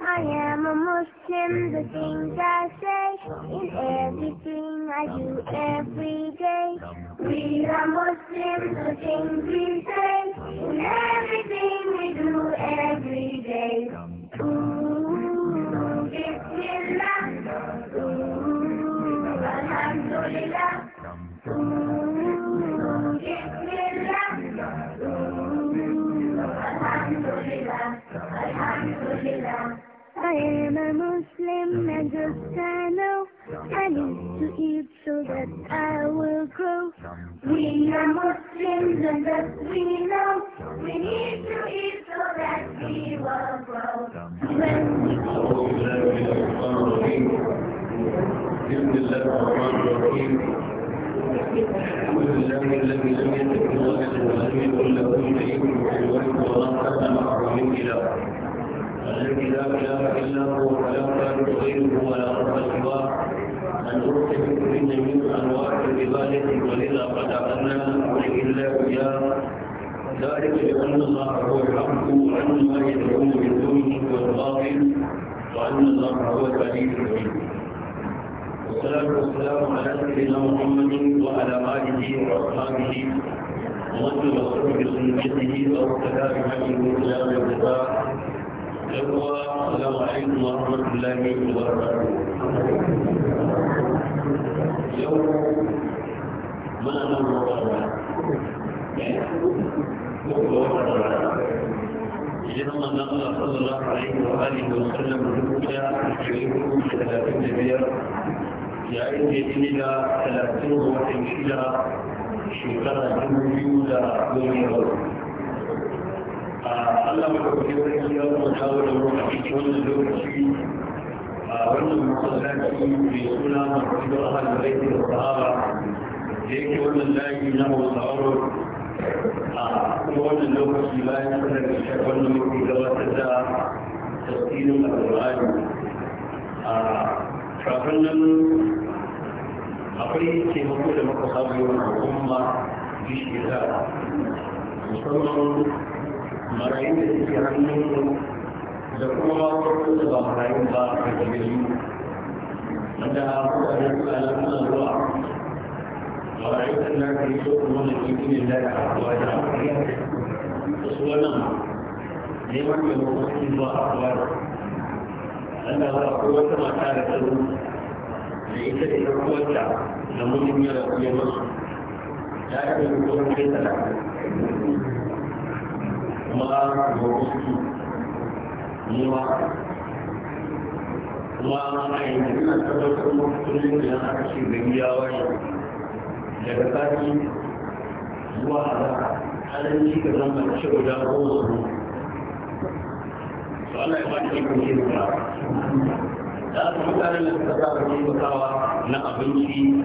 I am a Muslim, the things I say, in everything I do every day. We are Muslims, the things we say, in everything we do every day. Ooh. am a Muslim and just I know I need to eat so that I will grow. We are Muslims and thus we know we need to eat so that we will grow. When we الذي لا اله الا هو ولا خالق غيره ولا رب سواه ان ارسل بهن من انواع العباده ولذا قد اخذنا الا اياه ذلك لان الله هو الحق وان ما يدعون من دونه هو الباطل وان الله هو العلي الحكيم والصلاه والسلام على سيدنا محمد وعلى اله واصحابه ومن وصف بسنته او كلام حكيم الى الجزاء السلام عليكم ورحمة الله وبركاته يوم ما أنا مرحبا إذن صلى الله عليه وآله وسلم رجولا يعيكم ثلاثين بير يعيد بإذن الله ثلاثين وتنشيلا شكرا Allah yau da da a cikin wannan lokaci a wannan masallaci mai suna Masjidu Ahmad Baiti da da yake wannan layi na a kuma wannan lokaci bayan da shi wannan gabatar da tasirin a kafin nan akwai taimako da muka al'umma bishiyar musamman marayu da suke hannun da kuma makon da ba marayu ba a gari wanda kuka da suka lafiya zuwa marayu da na kai so kuma da kiki ne da ya haɗuwa da wasu wannan neman da mafi zuwa a haɗuwa da Allah ba akwai wata mata da tsaro da ita da ita kuwanta da mutum ya da kuma masu ya yi da kuma kai talaka kuma ana zuwa suke yi ma kuma ana ainihin ina da kusurin da na kashe da iya wani daga kashi da halin ci da cewa da kowa zuwa su ana da ta su da na abinci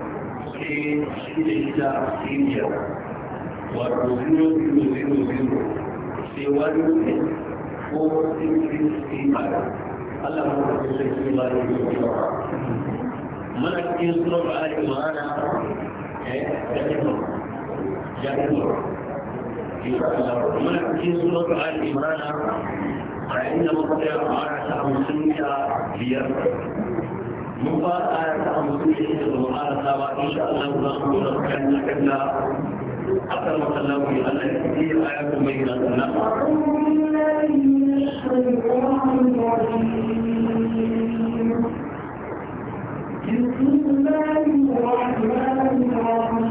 ƙarshe shi da ita a siriya wato zero zero zero zero sai wani ne ko wasu zero zero Allah mu da kusa shi ba da yi wa mana cikin sunan ba'ari ma'ana eh jami'a jami'a ولكن سورة آل عمران فإن مقطع عشر سنة بيرد mun fara aya ta hamsin da ita da mu'ara ta ba insha Allah za mu dora kan na kan na akan masallan mu Allah ya ci aya ta mai na sanna بسم الله الرحمن الرحيم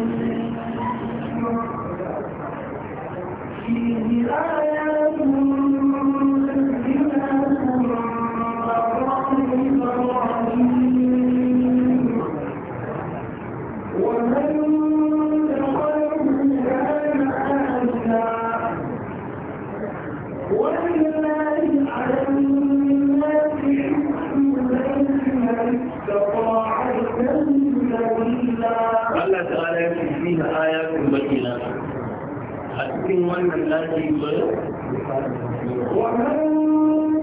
فيه آيات Allah ta'ala ya ce fi na ayatun bayyana a cikin wannan lafi ba ومن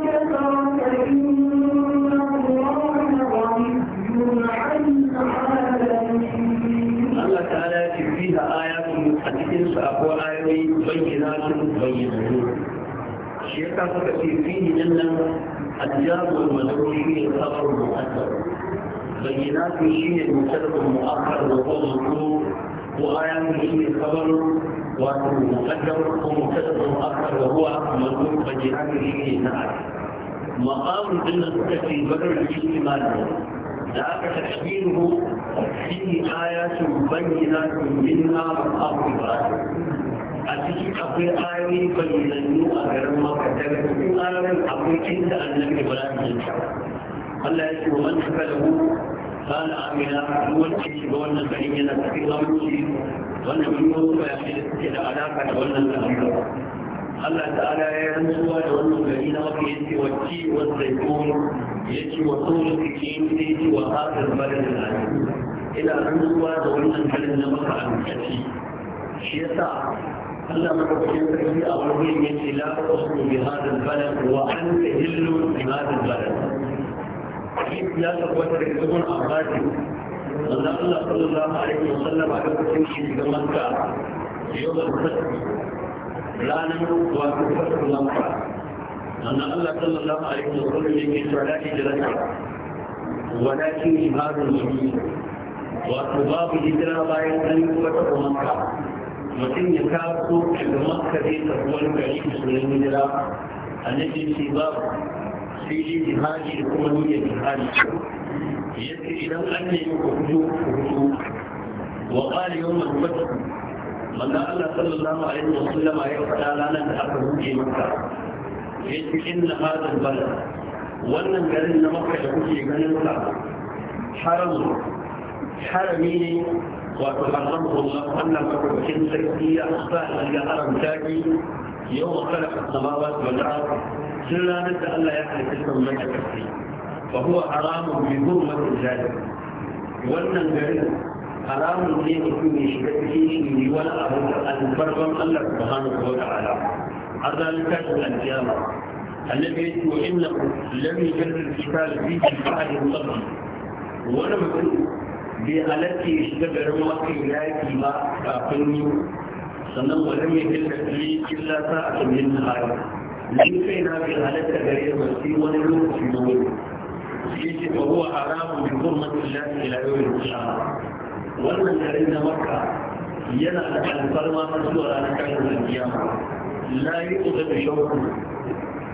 كفر فإن الله غني عن العالمين الله تعالى فيها آيات a cikinsu akwai ayoyi bayyana sun bayyana shi ya kasa kashe fi nan nan الجار والمدعو فيه الخبر المؤثر بينات شيء المبتدا المؤخر وهو المذكور وآيات شيء الخبر والمقدر ومبتدا مؤخر وهو مذكور بينات شيء نعم مقام بالنسبة في بدر الاجتماع ذاك تشكيله فيه آيات بينات منها مقام إبراهيم أتيجي أقول آية بينات أجر مكة تكون آية أقول إنت أنك إبراهيم قال ايه ومن حفله قال عمل هو الشيء بون فان ينسى في الله الشيء وان يقول فيحل الى علاقه بون الله تعالى ينسوى لون الذين وفي انت والشيء رسول الله وطول سكين يجي وهذا البلد الى ان ينسوى لون انزل النمط عن الشيء شيطا الله ما قد كنت في اولوية من خلاف بهذا البلد وان تهل بهذا البلد hadisi ya tabbata daga ibn abbas manzo Allah sallallahu alaihi wasallam a lokacin shi da Makka yawan fasu ranar wato fasu Makka manzo Allah sallallahu alaihi wasallam yake cewa da hijira walakin jihadul muslimin wato babu hijira bayan an fasu kumanka. mutum ya kawo daga Makka zai tafi wani gari musulmi hijira annabi ce babu sai yi jihadi da kuma niyyar jihadi yace idan an ne yi ku hudu ku hudu wa qala yawm al-fath manzo Allah sallallahu alaihi wa sallama ya faɗa ranar da aka buɗe maka yace inna hadha al wannan garin na maka da kuke ganin sa haramu harami ne وتحرمه الله أن ya سيئة أخفى أن يحرم تاكي يوم خلق السماوات والأرض جلال انت الله يعني تلك المجد الكفري وهو حرام بدون مجد ذلك وانا جريد حرام لي وكل شيء شيء ولا أبوك أن تبرم الله سبحانه وتعالى هذا الكاتب الأنجام الذي يسمى إنه لم يجرد الكتاب في شفاعه الله ولم يكن بألتي اشتد رمات ولايتي ما أقلني سنم ولم يجرد لي كلا ساعة من هذا ni kai na bai halatta gare sai wani lokaci na ce wannan na yana da alfarma ta zuwa ranar tashin kiyama la yuqda bi shawku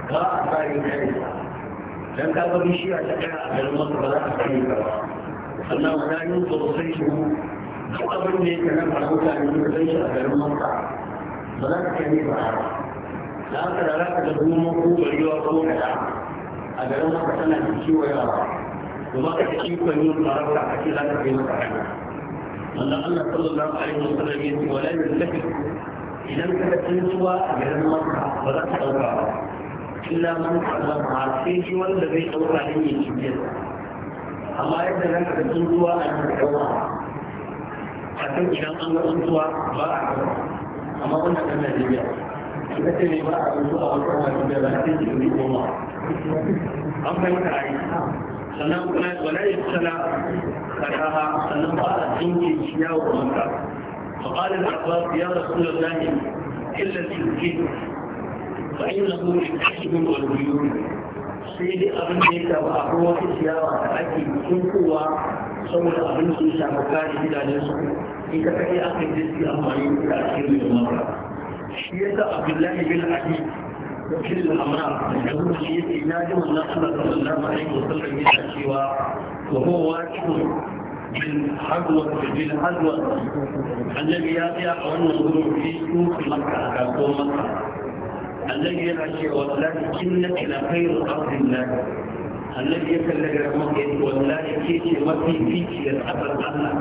ka asari kai dan ka ga bishiya ta kai a garin makka ba za ka kai ba sannan wala yuqda sosai shi duk abin da yake nan a mutane da sai a garin makka ba za ka kai ba da haka da za ka ga goma ko barewa da kada a garin haka tana da kiwo yawa to ba ka ikon yin farauta a ce za ka kai maka hanya wanda Allah sallallahu alaihi wasallam ya ce wala yuzaki idan ka ga tsuwa a garin maka ba za ka dauka ba illa man sallama sai shi wanda zai dauka ne ya ci amma yadda za ka ga tsuwa a nan dauka a kan idan an ga tsuwa ba a amma wannan kan Najeriya da ta ne ba a rubu a wata wani da ba ta ke rubu goma an fahimta a yi sannan kuma wala yi sana karaha sannan ba a jinke shi yawo ga manta فقال العباس يا رسول الله إلا التزكيك فإنه يكتشف والبيوت sai dai abin da ya taɓa a kuma wata ciyawa da ake tunkowa saboda abin su shafa kare gidajen su in ka kai aka yi diski amfani da ake yi da mara shi ya sa abdullahi bin ali wakil al'amra da zuwa shi ya ce na ji wannan allah sallallahu alaihi wasallam yana cewa wa huwa wajibun بالحجوة بالحجوة الذي يأتي أن نظر في سوق مكة كوم مكة الذي يأتي والله إنك لخير أرض الله الذي يتلقى مكة والله كيش مكي فيك يتعبر الله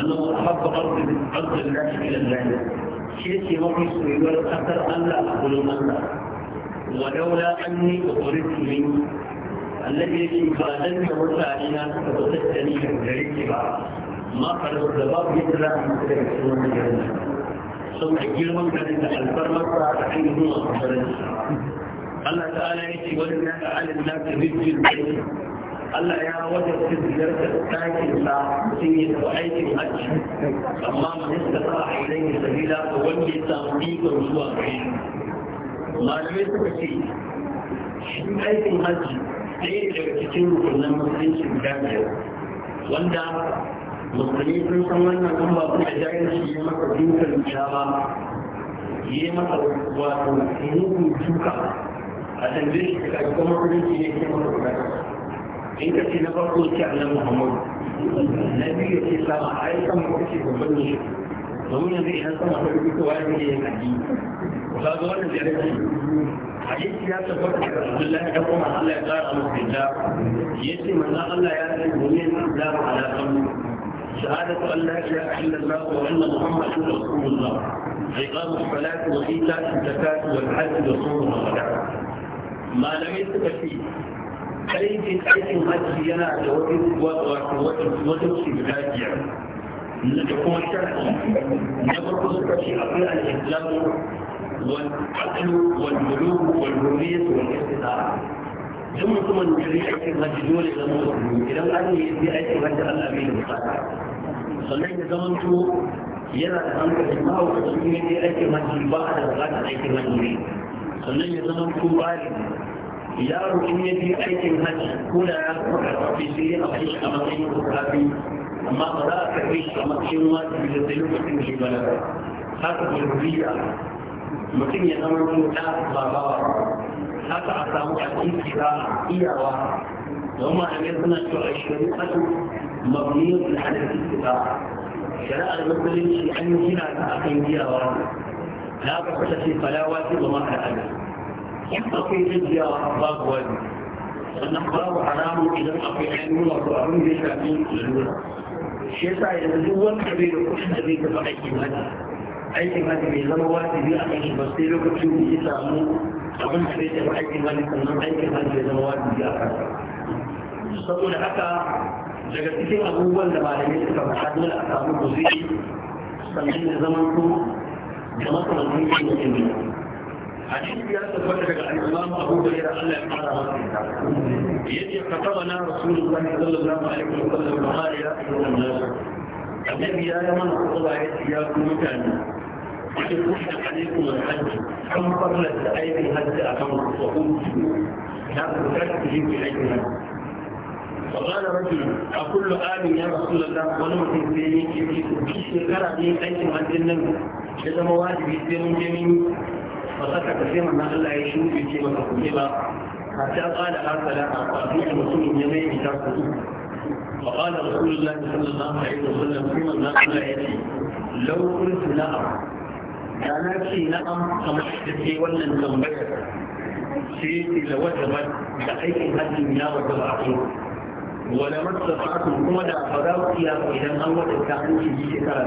أنه أحب أرض أرض الله إلى الله shi yake mafi soyuwar ƙasar Allah a gurin Allah wa daula anni ukhrijtu min alladhi yake ba dan da wata na suka fita ni da gare ba ma faru da babu yadda za mu fita da wannan garin saboda girman garin da alfarmar da ainihin zuwa kasarin Allah ta'ala ya yake wannan da alin da ta rijin Allah ya wajabta ziyartar sa sun yi tafi aikin hajji amma minista ta a idan ya da ga wanda ya samu ikon zuwa gare malamai suka ce shi aikin hajji ɗaya daga cikin rukunan musulunci guda biyar wanda musulmi sun san wannan an ba kuma jahilci ya maka dukan shawa ya maka wato mugun duka a tambaye shi ka kuma musulunci ne ke maka gudanar inda ce na farko ce a nan muhammadu na biyu ya ce sama a yi sama ko ce babban ne domin yanzu idan sama ta rubuta wa ne ya kaji ba ga wannan da yake hadisi ya tabbata da Abdullahi da kuma Allah ya tsara masa da yace manzo Allah ya ce domin Islam ala kan شهادة أن لا إله إلا الله وأن محمدا رسول الله إقام الصلاة وإيتاء الزكاة والحج وصوم رمضان ما لم يثبت فيه aikin aikin hajji yana da wata wasu guda biyar na da kuma sharaɗi na farko suka ce akwai al'islamu والعقل والبلوغ والهوية والاستطاعة ثم ثم الجريء الرجلون إلى المسلمين إلى الآن يأتي أي رجل الأمين الصالح صليت زمنت يرى أنك الله وتسميتي أي رجل بعد الغد أي رجل صليت زمنت بارد yaro in ya je aikin hajji ko da ya kuka tafi sai a kai shi a matsayin kuɗaɗe amma ba za a karɓe shi a matsayin wajibi da sai lokacin da ya balaga haka jirgiya mutum ya zama ɗa ba bawa haka a samu a kira iyawa don malamai suna cewa a shari'atu mabniyatun ala al-istiqa shari'ar musulunci an gina ta akan iyawa da haka kusa ce falawa ce ba ma ka akwai rijiya babu wani sannan babu haramu idan akwai ainihin wato abin da ya shafi lalura shi yasa yanzu duk wanda bai da kuɗin da zai tafi aikin hajji aikin hajji bai zama wajibi a kan shi ba sai lokacin da ya samu abin da zai tafi aikin hajji sannan aikin hajji bai zama wajibi a kan saboda haka daga cikin abubuwan da malamai suka faɗa dole a samu kuzi sannan ya zama ko da makamancin ilimin حديث يا تفكر الإمام أبو هريرة الله تعالى يدي خطبنا رسول الله صلى الله عليه وسلم وقال يا أيها الناس النبي يا من خطب يا كمتان قد كتب عليكم الحج كم قبلت أيدي الحج أكم الصعود لا تفكر في أيدي فقال رجل أكل آمن يا رسول الله ولم تنسيني في شكرا لي أيدي الحج النبي إذا مواجبي سيرون جميل وصفحة تسليم ما أخلا يشوف في كيمة الخطيبة حتى قال هذا أرسل أرسل رسول جميع بشرط وقال رسول الله صلى الله عليه وسلم فيما نقل يأتي لو قلت نعم أنا في نعم كمحتفي ولا كمبشر سيدي لوجبت بحيث هذه من أرض العقيم ولما استطعت القمدة فراوتي إلى أول التعليم في جيسي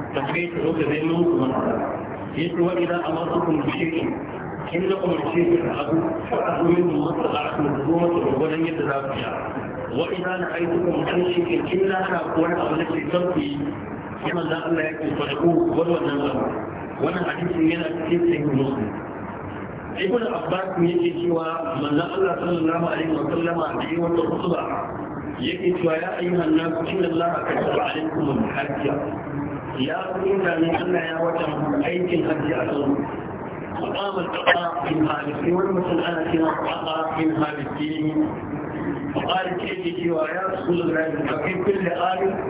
tambaye su ka zai mun kuma ya ce idan amma su kuma shirki Kin na kuma shirki da abu fa'adu min masu al'adu da zuwa su gwagwadon yadda za ku wa idan na aiki kuma kan shirki kin na ka kuwar abu na ce ku yi Ya da Allah ya ke sadaku wani wannan zama wannan hadisin yana cikin sahihu muslim ibn abbas ne yake cewa manzon Allah sallallahu alaihi wa sallama da yi wata khutba yake cewa ya ayyuhan nas inna allaha kataba alaikum al-hajja يا كنت من أن يا وجه أيدي قد يأتون وقام الفقراء من هذا الدين والمسلمة والفقراء من هذا الدين وقال كيدي ويا رسول الله ففي كل آل آية،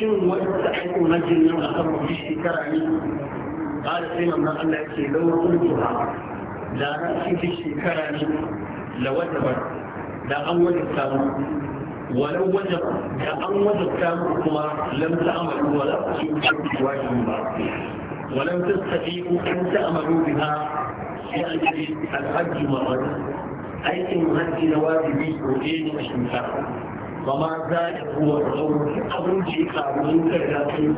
شنو ويستحق نجل من أخر في الشكراني قال سيما ما قال لك لو قلتها لا نأتي في الشكراني لوجبت لا أول الثامن ولو وجد كأن وجد كامكما لم تعملوا ولا تشوفوا واجبا ولم تستطيعوا أن تعملوا بها يعني الحج مرة أي إن هذه نوافل وإن أشمسها وما ذلك هو القول قبل جيكا من كذلك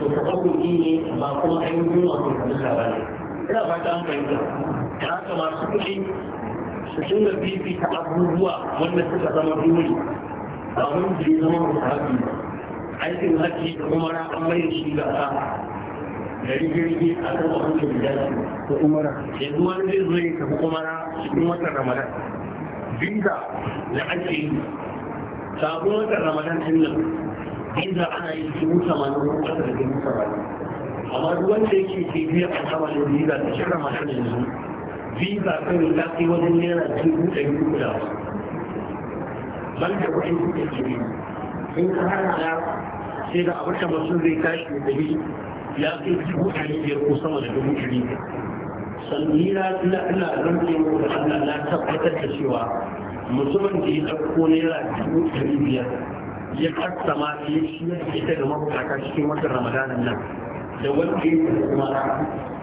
فتقول إني ما قمت أن يكون أمر إلا فاتان فإذا كما سكتي su dinga fifita abubuwa wanda suka zama dole ba mun je zama musafi aikin haji da umara an mai shi ga sa gari jirgi a kan abin da ya dace da umara yanzu wani zai zo ya tafi umara cikin watan ramadan binta da ake yi sabon watan ramadan din nan binta ana yi dubu samanin wata da dubu samanin amma duk wanda yake ke biyar a sama da biza da shi ramadan yanzu visa kawai ta kai wajen naira dubu ɗari uku da wasu ban da kuɗin kuɗin jiri in ka hana ya sai da abin da masu zai tashi da ɗari ya kai dubu ɗari biyar ko sama da dubu ɗari sannan ina na ina rantse mu da Allah na tabbatar da cewa mutumin da ya ɗauko naira dubu ɗari biyar ya kasta ma ya shi ya ita da mabukata cikin watan ramadanin nan da wanda ya kuma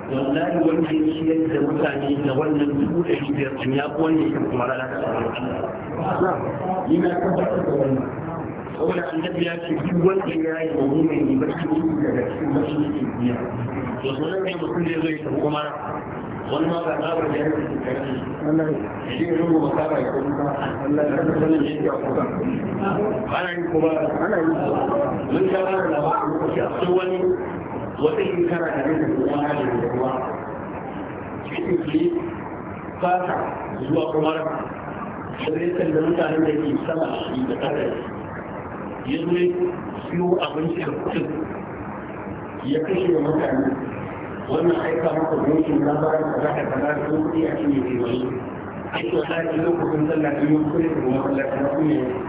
wallahi wanda ya ciyar da mutane da wannan dubu ɗari biyar ɗin ya fi wanda ya kuma rana ta sarauci yana tabbatar da wannan saboda annabi ya ce duk wanda ya yi wa mumin ne barci daga cikin barci ke biya to sanan ne mutum zai zo ya tafi kuma wani ma ba tsabar da ya rufe karfi ya je rungu ba tsaba ya kuma Allah ya rufe sanin da ya kuka ana yi kuma ana yi mun sha ba da labarin lokaci a wani wata shekara da zai tafi na da ruwa cikin ke fata zuwa kuma rafa da zai mutanen da ke sama shi da kada ya zo ya siyo abinci da kudin ya kashe wa mutane wannan aika maka goshin labarin da za ka kaza da kuma iya cinye ke wani aiki wata ne lokacin sallah ne kuma kuma kuma kuma kuma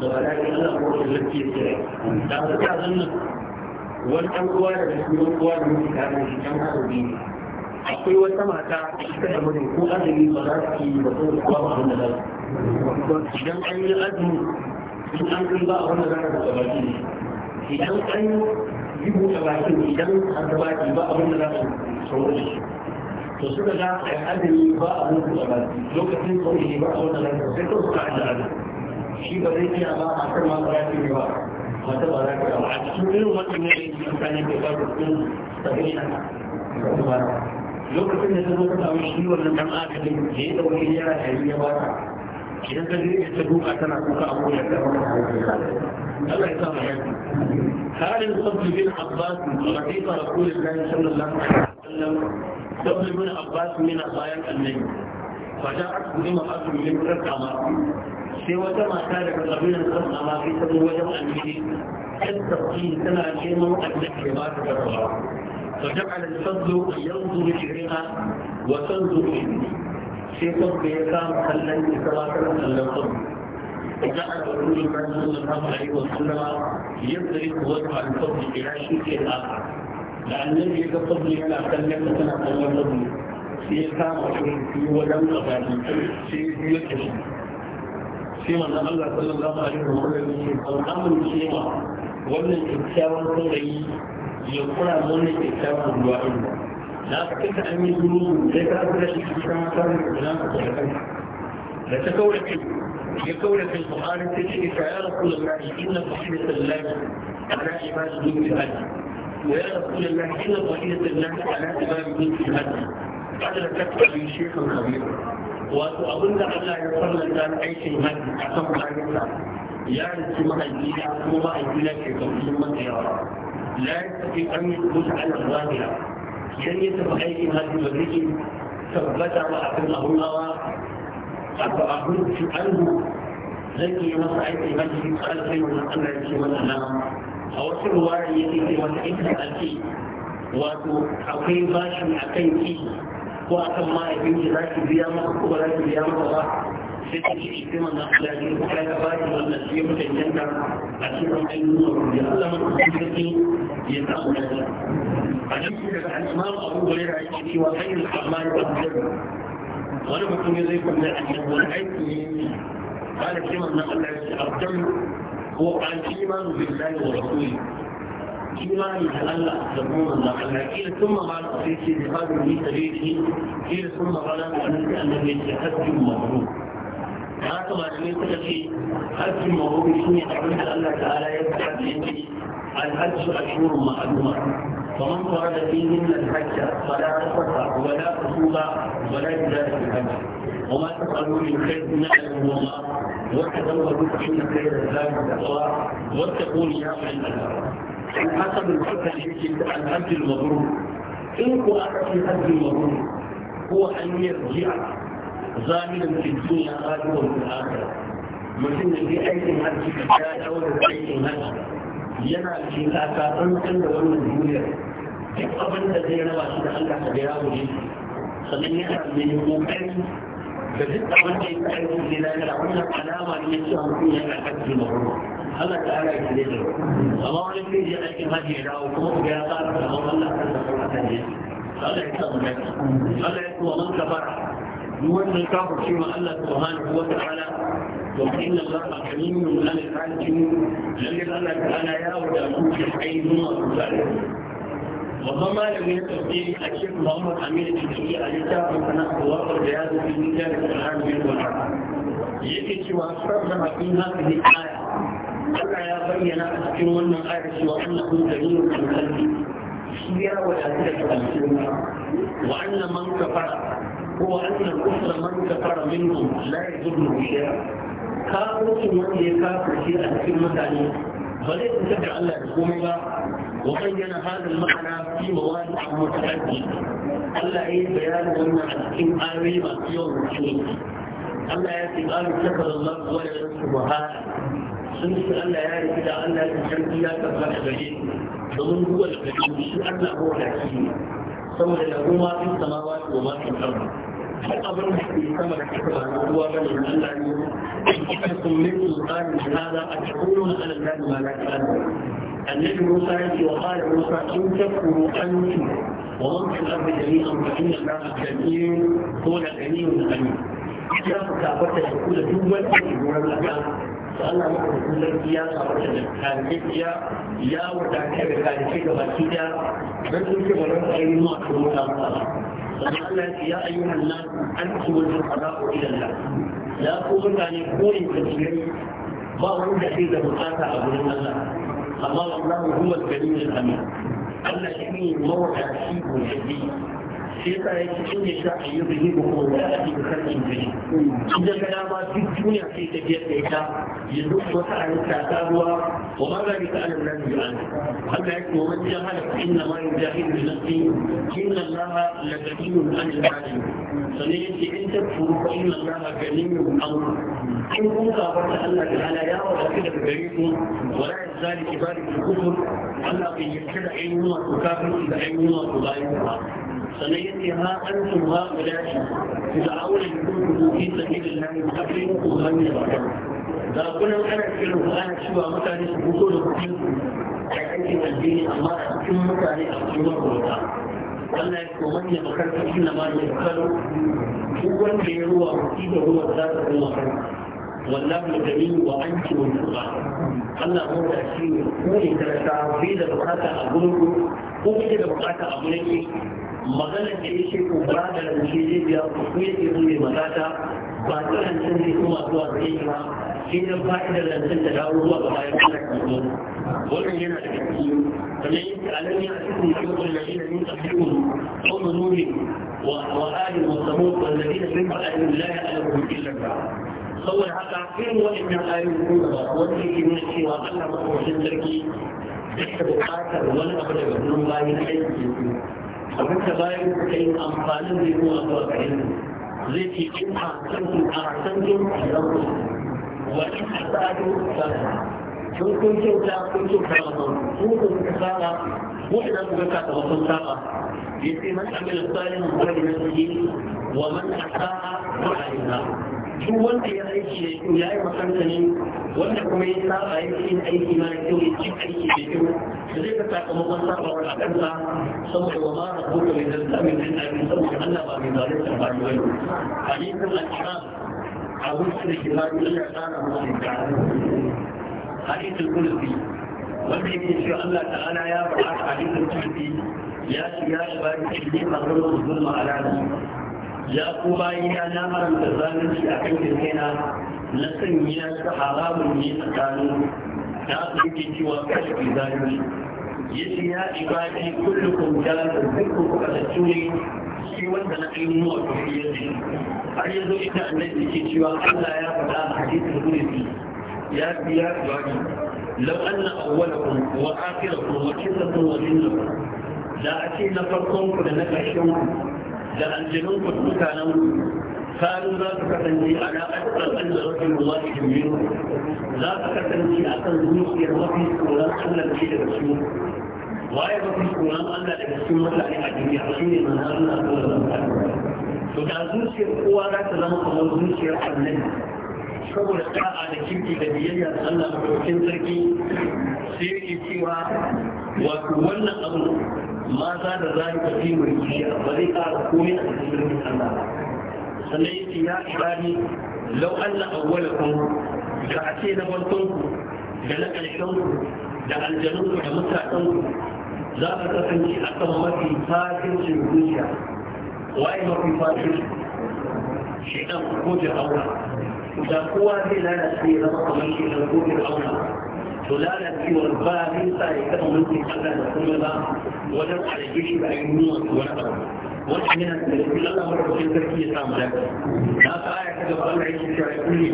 da ba daɗi Allah ko da lafiya ke da aka ta zanna wani ɗan kowa da ɗan wani kowa da muke tare shi ɗan arziki akwai wata mata ita da mutum ko azumi ba za su yi ba ko ba ba wanda za su idan an yi azumi in an kai ba a wanda za ka baki ne idan an yi buɗe baki idan an gaba ki ba abin da za su saurare shi to suka ga a yi azumi ba a abin da ba lokacin saurare ba a wanda za su sai kawai suka ajiye azumi shi ba zai iya ba a kan masu rafi ba wata ba za rafi ba a cikin irin wannan ne mutane ke ba rukun sabbin shaka lokacin da ta zo ta samu shi wannan dan adalin da ya dauki yara ɗari ya ba ta idan ta zai ta duka tana kuka a koyar da wata Allah ya sa mu yaki halin sabbi bin Abbas rafiqa Rasulullahi sallallahu alaihi wasallam sabbi bin Abbas min bayan annabi فجاءته امرأة من ركعة sai wata mata daga kabilar kan a mafi ta zo wajen annabi kan tafsir tana neman annabi ya ba ta gaba to da ala fadlu yanzu ilayha wa tanzu ilayhi sai ko ya kama kallon ki ta wata kallon ko da ala ruhi kan sallallahu alaihi wa sallam yadrik wa al fadl ila shi ke da da annabi ya ga fadli yana kallon tana kallon fadli sai kama shi wajen tsakani sai biyu da shi sai manzon Allah sallallahu alaihi wa sallam ya ce ban amince ma wannan kyakkyawan saurayi ya kura mana kyakkyawan ruwa ɗin ba na ka kanta an yi zuru sai ka kura shi cikin makarar da na ka kura kai da ta kaura kai ya kaura kai Qur'ani sai ce ka ya Rasulullahi inna qadida lillahi ala ibadi bi al-hajj wa ya Rasulullahi inna qadida lillahi ala ibadi bi al-hajj قدر تكتب شيء خبير wato abin da Allah ya farlanta aikin hajji a kan bayansa ya rinci mahaifina kuma mahaifina ke kamfin masa yawa la ya tafi an yi kusa ala zahira idan ya tafi aikin hajji ba zai tabbata ba a kan abun hawa a ba a hunci an zai yi masa aikin hajji alfai wani Allah ya ce masa na a wasu ruwa ya ce masa aikin hajji wato akwai bashi a kan ki ko a kan mahaifin ki za ki biya maka ko ba za ki biya maka ba sai ta ce mana Allah ko ya ba ki wannan yi mu tantanta a cikin ayyukan rubuce Allah mu tantance ya ta mu dace hadisi daga al-Imam Abu Hurairah yake cewa sayyidul a'mal wal jannah wani mutum ya zai kunna annabi wani aiki ne قال كما ان الله عز وجل هو قال الايمان بالله ورسوله إيماني هلأ تكون الله قيل ثم قال في سبيلي قيل ثم قال أنك أنك يتحدث مبروك هكذا لم يكن في حج مبروك شنو تعبد الله تعالى يبدأ بإني الحج أشهر معلومات فمن فرد فيهن الحج فلا رفث ولا فسوق ولا جدال في الحج وما تفعلوا من خير يعلمه الله وتزودوا فإن خير الزاد التقوى واتقون يا أولي حسب الفكر الحج المبرور إن وقعت الحج المبرور هو أن يرجع ظالما في الدنيا غالبا في الآخرة mutum da zai aikin hajji ya daura da aikin hajji yana cikin kakakan kan da wannan duniyar duk abin da zai raba shi da Allah ka biya mu shi sannan yana mai kokari da duk abin da ya aiki zai lalata wannan alama ne ya ce mutum ya kakakin mahimmanci Allah ta ala ya da amma wani zai je aikin hajji ya dawo kuma ku ya tsara da Allah Allah ta da kuma ta je Allah ya sa mu gani Allah ya kuwa man kafara duk wanda ya kafa cewa Allah subhanahu wa ta'ala to inna Allah karimun ala al-hakim lalle Allah ta'ala ya wadatu bi aidin wa sallallahu وضم لم التفصيل الشيخ محمد امير الشيخي على كتاب القناه ووفر بهذا في ميزان القران والعقل يكتب واسرنا في هذه الايه Allah ya bayyana a cikin wannan ayar cewa annahu dalilun min qalbi shi ya wadatu da kalmomi wa anna man kafara ko anna kufra man kafara minhum la yadurru shay'a kafirci wanda ya kafirce a cikin mutane ba zai fitar da Allah da komai ba وبين هذا المعنى في مواضع متعدده الا اي بيان ان الحكيم امين في يوم الدين الا يأتي قال ذكر الله ولا يذكر ba. sun su Allah ya yi da Allah ya sarki ya tabbata gare domin duwal gare shi Allah ko da shi saboda da goma sun samawa ko ma sun karbu har abin da ke sama da kasa ba na ruwa ba ne na Allah ne in kika sun min sultani da hada a cikin ala Allah ma la ta'ala annabi Musa ya ce wa qala Musa in takfuru antum wa man fil ardi jami'an fa inna Allah jamiyun ko la ganiyun alim ya ka tabbata da kula duk wanda ke gurin Allah Allah maka da kullum ya samu da kanikiya ya wadata da kanike da baki da don sun ce bari a yi ma su mota masa sannan Allah ya ayyuhan nan an ci wajen qada'u ila Allah ya ku mutane ko in kace ba wanda ke da bukata a gurin Allah amma wallahu huwa al-karim al-amin Allah shi ne shi ko shadi shi yasa ya ce in ya sha a yi bihi ba ko da ake da sarkin bihi in da kana ma duk duniya sai ta biyar da ita yanzu wata halitta ta ruwa wa ma zani ka alam nan bi'an Allah ya ce wa man jahala inna ma yujahidu li nafsi inna Allah la ghaniyun 'anil 'alamin sannan ya ce in tafuru fa inna Allah ghaniyun 'ankum in kun kafarta Allah ta'ala ya wadatu daga gare ku wala yazali ibadatu kufur Allah bai yarda da ayyuka ku kafirci da ayyuka ku bayan ku sannan ya ce ha an sun ha guda shi ku da aure da da lafi ku kafe ku cewa mutane su fito da kuɗin ku a aikin addini amma a cikin mutane a cikin makwabta Wannan ya kuma manya na mani da kalo duk wanda ya ruwa kuɗi da ruwa za ta kuma kan mu da wa an ci wani ba Allah mu da shi ne ku ne karanta bai da bukata a gurin ko da bukata a gurin maganar da yake ko ba da rubuce zai biya ko yake zo mai magata ba ta rancen zai kuma zuwa da yake ba shi ne fa'idar rancen da dawo zuwa ga bayan kuma kanzo wannan yana da gaske kamar yadda alam ya cikin shugaban da yana yin tafiyun kuma nuri wa ali musamman wallazina min ba'adin la ya'lamu illa Allah saboda haka irin waɗannan ayoyi ko da wanda yake nuna cewa Allah madaukakin sarki da buƙatar wani abu daga gurin bayan aiki abin da bayan yi amfani da yi kuma zuwa gare ku zai ce in a san ku a san ku a san wani a sa'adu san sun kun kyauta kun kyauta wa man ku kun kun ku saba ku da ku ga ka kun saba yace man amila salihan wa man asaa wa na duk wanda ya aiki da ya yi makanta ne wanda kuma ya saba ya yin aiki na da kyau ya ci aiki da kyau da zai ka sakamakon saba wa Kanta saboda wa mara kuka mai zarta mai jin aiki saboda Allah ba mai zalim da ba ne hadisin al a abu da ke ba da ya tsara musu da hadisin kulfi wanda yake cewa Allah ta'ala ya ba faɗa hadisin kulfi ya shiga ba ibadatu ne a gurbin zulma ala nasu ya ku bayina na haramta zalunci a kan kirkina na sanya su haramun ne tsakanin da su yake cewa kashe zalunci yace ya ibadi kullukum jalal dukku kuka da tuni shi wanda na ainihin wato shi yace har yanzu ita annabi yake cewa Allah ya faɗa a hadisin kursi ya biya ibadi law anna awwalakum wa akhirakum wa kisakum wa jinnakum da ake na farkon ku da na ƙarshen ku da aljanun ku mutanen kanu za su kasance a na ajiyar aljarafin Allah ke biyu za su kasance a kan zuciyar mafi tsoron Allah ce daga su waye mafi tsoron Allah daga cikin mutane a duniya shi ne manzan Allah sallallahu alaihi wasallam to da zuciyar kowa za ta zama kamar zuciyar annabi saboda sa'a da kirki da biyayya da Allah a sarki sai yake cewa wato wannan abu ma za da zalika fi mulkiya ba zai ƙara komai a cikin mulkin Allah sannan yake ya ibadi law anna awwalakum da a ce na farkon ku da na ƙarshen ku da aljanun ku da mutanen ku za ka kasance a kan mafi fatin zuciya waye mafi fatin shaidan ko jirawa da kowa zai lalace ya zama kamar shaidan ko jirawa to lalacewar ba zai sa ya taɓa mulkin Allah da kuma ba wajen alage shi da nuna wasu wani abu wannan yana da cikin Allah wanda cikin sarki ya samu lafiya na ka aya ta gaba Allah yake cewa kulli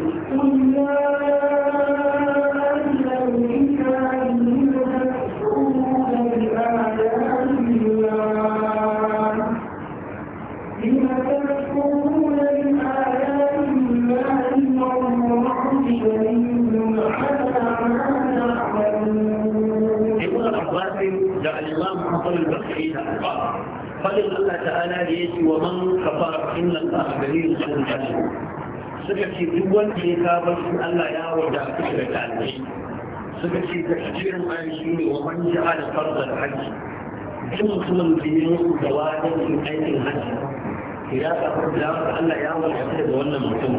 muslim da al-imam hasan al-basri ta al fadin Allah ta'ala da yake wa man kafa inna Allah ghaniyun 'anil alamin suka ce duk wanda ya ka bar shi Allah ya wada shi da kalmai suka ce tafsirin ayi shi ne wa man da fardal hajj duk mutumin da ya mutu da wajibin aikin hajji ya kafa da Allah ya wada shi da wannan mutum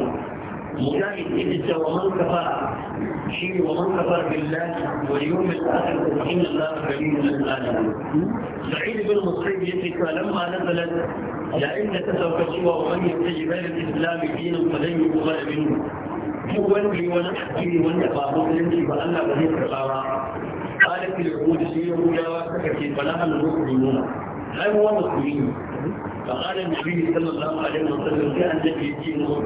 mujahid yake wa man kafa شيء ومن كفر بالله واليوم الآخر فإن الله كريم للآلام سعيد بن مصيب يتكى لما نزلت لئن تسوك سوى ومن يتجب الإسلام دينا فلن يقبل منه لي ونحكي ونباه لنجي فأنا بذي الكفارة قالت العهود سيروا يا واسكتي فلها المسلمون هل هو مسلمين فقال النبي صلى الله عليه وسلم كأن الذي يجيبهم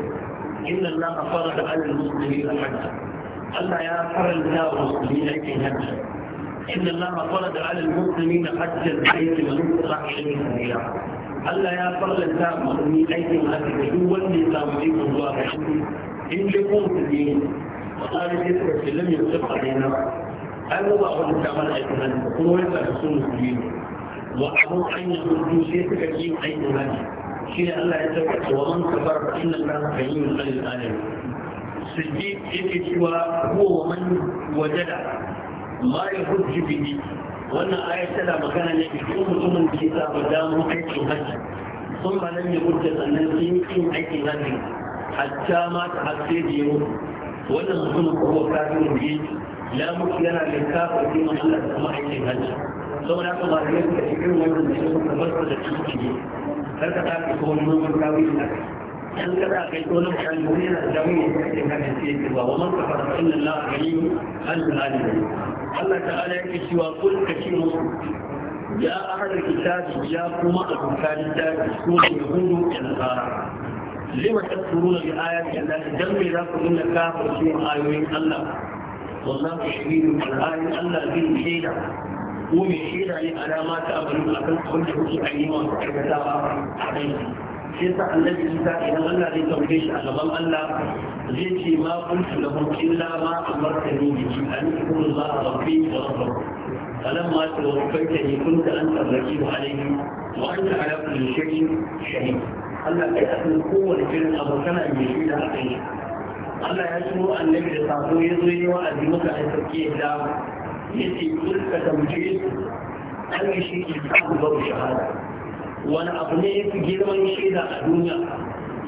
إن الله فرض على المسلمين حجه قال يا يأخرج لا المسلمين في هذا إن الله فرض على المسلمين حج البيت ونصر عليهم إلى ألا يا فرد لا المسلمين أيتم هذا هو النظام دين الله إن لكم تدين وقال جسر في لم يصف علينا هل هو أخذ الشمال أيضاً هو يفرسون المسلمين وأبو حين شيء يتكلم أيضاً هذا شيء الله يتكلم ومن كبر فإن الله كريم خير الآلم siddiq yake cewa wa man wajada ma yahujju bihi wannan ayat tana magana ne cikin mutumin ke ya samu damar aikin hajji sun ba nan ya hujja sannan sun yi kin aikin hajji hatta ma ta hasse da yau wannan mutumin kuwa kafin biyu ya mutu yana da kafin biyu Allah da kuma aikin hajji saboda haka ba zai ka cikin wannan da ya kuma da cikin ne kar ka tafi ko wani mamman kawai da yan kada kai tolin kan yana da mu yake kan yake ba wa man kafara fa inna allaha ghaniyun 'anil alamin Allah ta'ala yake cewa kul kace musu ya ahadul kitabi ya kuma abukan kitabi ko yahudu da nasara lima tadkuruna bi ayati Allah dan me za ku dinga kafir shi ayoyin Allah wallahi shahidu al ayoyin Allah bin shaida ko me shaida ne alama ta abin akan abin da kuke ayyuka ku aikatawa a kai shi yasa annabi Isa idan Allah zai tambaye shi a gaban Allah zai ce ma kuntu lahum illa ma amartani bihi an akunu a rabbi wa rabbukum فلما توفيتني كنت انت الرقيب عليه وانت على كل شيء شهيد Allah ya san kowane irin abu kana mai shi da haka yi Allah ya so annabi da sako ya zo yi wa azi maka a sarki ya da yace kulka tamjid an yi shi ki babu shahada wani abu ne ya fi girman shaida a duniya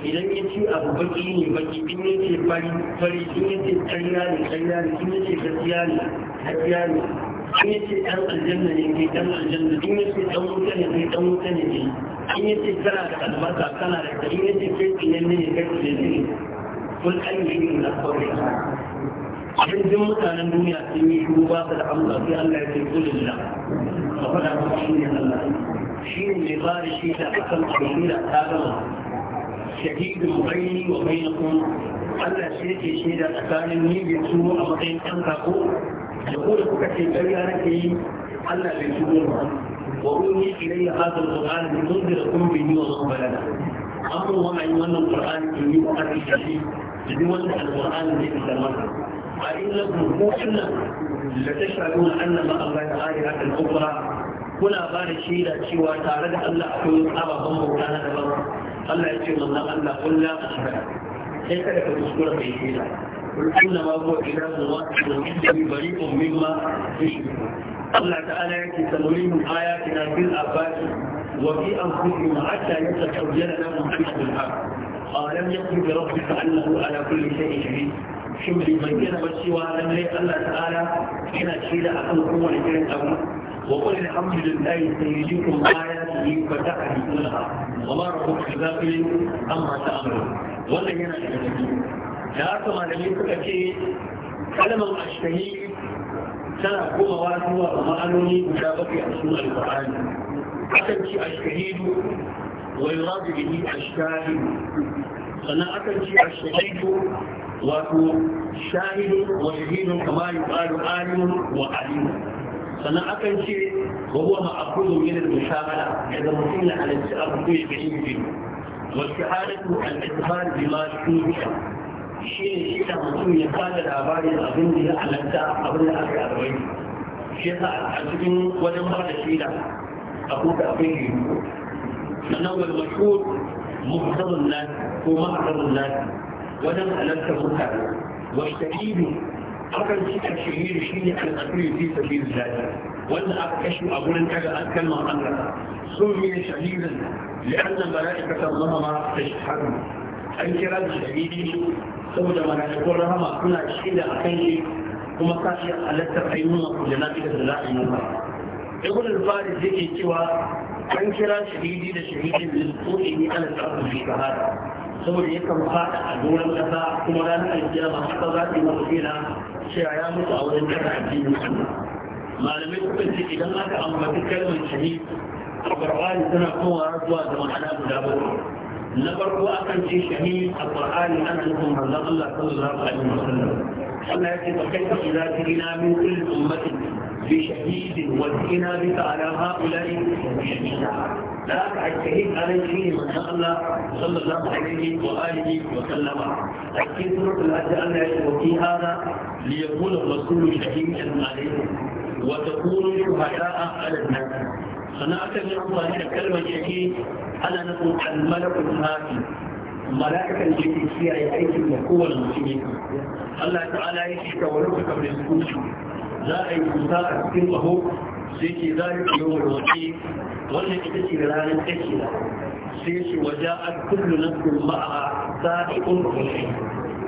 idan ya ce abu baki ne baki in ya ce fari fari in ya ce tsariya ne tsariya ne in ya ce gaskiya ne gaskiya ne in ya ce ɗan aljanna ne ke ɗan aljanna in ya ce ɗan wuta ne ke ɗan wuta ne ke in ya ce kana da albasa kana da ta in ya ce kai tsinanne ne kai tsinanne ne kun an yi ne na kawai in jin mutanen duniya sun yi shuru ba su da amsa sai Allah ya ce kulilla ka faɗa musu shi ne Allah shi ne mai ba da shaida a kan shaida ta gama shahidin baini wa bainakum Allah shi yake shaida tsakanin ni da su a matsayin ɗan kako da ko da kuka ce ƙarya nake yi Allah bai shigo ba wa ruhi ilayya hadha al-qur'an li tunzirakum bihi wa man balagha amma wa man wannan qur'an in yi wa arshi shi duk wanda al-qur'an ne da masa أئنكم كنا لتشهدون أن ما الله آلهة أخرى kuna ba da shaida cewa tare da Allah akwai ababen bauta na daban Allah ya ce manzon Allah kullu ashhadu sai kada ka kuskura kai shaida kullu ma huwa ilahun wahidun inni bari'un mimma yushrikun Allah ta'ala yake tamurihim ayatina fil afaqi wa fi anfusihim hatta yatabayyana lahum annahu al-haq أولم يكن بربك أنه على كل شيء شهيد shi bai bayyana ba cewa lallai Allah ta'ala yana shaida a kan kowane irin abu wa qul alhamdulillahi sayyidikum ayatihi fa ta'rifunaha wa ma rabbuka bi ghafilin amma ta'malun wannan yana da ciki da haka malamai suka ce kalmar ashtahi tana komawa zuwa ma'anoni guda bakwai a cikin alqur'ani akan ce ashhadu wa yuradu bihi ashhadu sannan akan ce a shahidu wato shahidu wa shahidun kama yi ƙaru alimun wa alimun sannan akan ce wa huwa ma'akudu min al-mushahala ya zama sun halarci abu ya gani biyu والشهادة الاعتبار shi ne shi شيء mutum ya kada labarin abin da ya halatta abin da aka arwai shi yasa a cikin wajen ba da shida a kuka abin yi sannan wal mashhur muhtarun nasi ko ma'adarun nasi wajen halartar mutane wa shahidu akan ci a shahidu shi ne al'asiru fi sabiru zaɗi wanda aka kashe a wurin kaga an kalma Allah sun yi shahidun li'annan mala'ikatar mahama ta shahadu an kira da shahidi saboda mala'ikun rahama suna shida a kan shi kuma sa halartar da na da za a yi ibn al-faris yake cewa an kira shahidi da shahidi bil qur'i ni ala ta'abu fi shahada saboda yakan fada a doron kasa kuma ranar alkiyama haka za ta yi masa kira cewa ya mutu a wajen kada addinin Allah malamai suka ce idan aka ambaci kalmar shahid a qur'ani tana kowa zuwa da ma'ana guda bakwai na farko akan ce shahid a qur'ani ana nufin manzon Allah sallallahu alaihi wasallam Allah ya ce fa kaifa idza tirina min kulli ummatin بشهيد والإنا بك على هؤلاء شهيدا لا شهيد عليه ما من الله صلى الله عليه وآله وسلم أكيد سورة الحج أن وفي هذا ليكون الرسول شهيدا عليه وتكونوا شهداء على الناس صنعت من الله كلمة شهيد أنا نقول الملك الهادي ملائكة التي فيها أيدي قوة المسلمين الله تعالى يشهد ولوك بالسكوت za a yi kusa a cikin ƙaho sai ke za a yi yau mai wace Wanda ita ce ranar take sai shi waje a kullu na kulma a sa'ikun kulli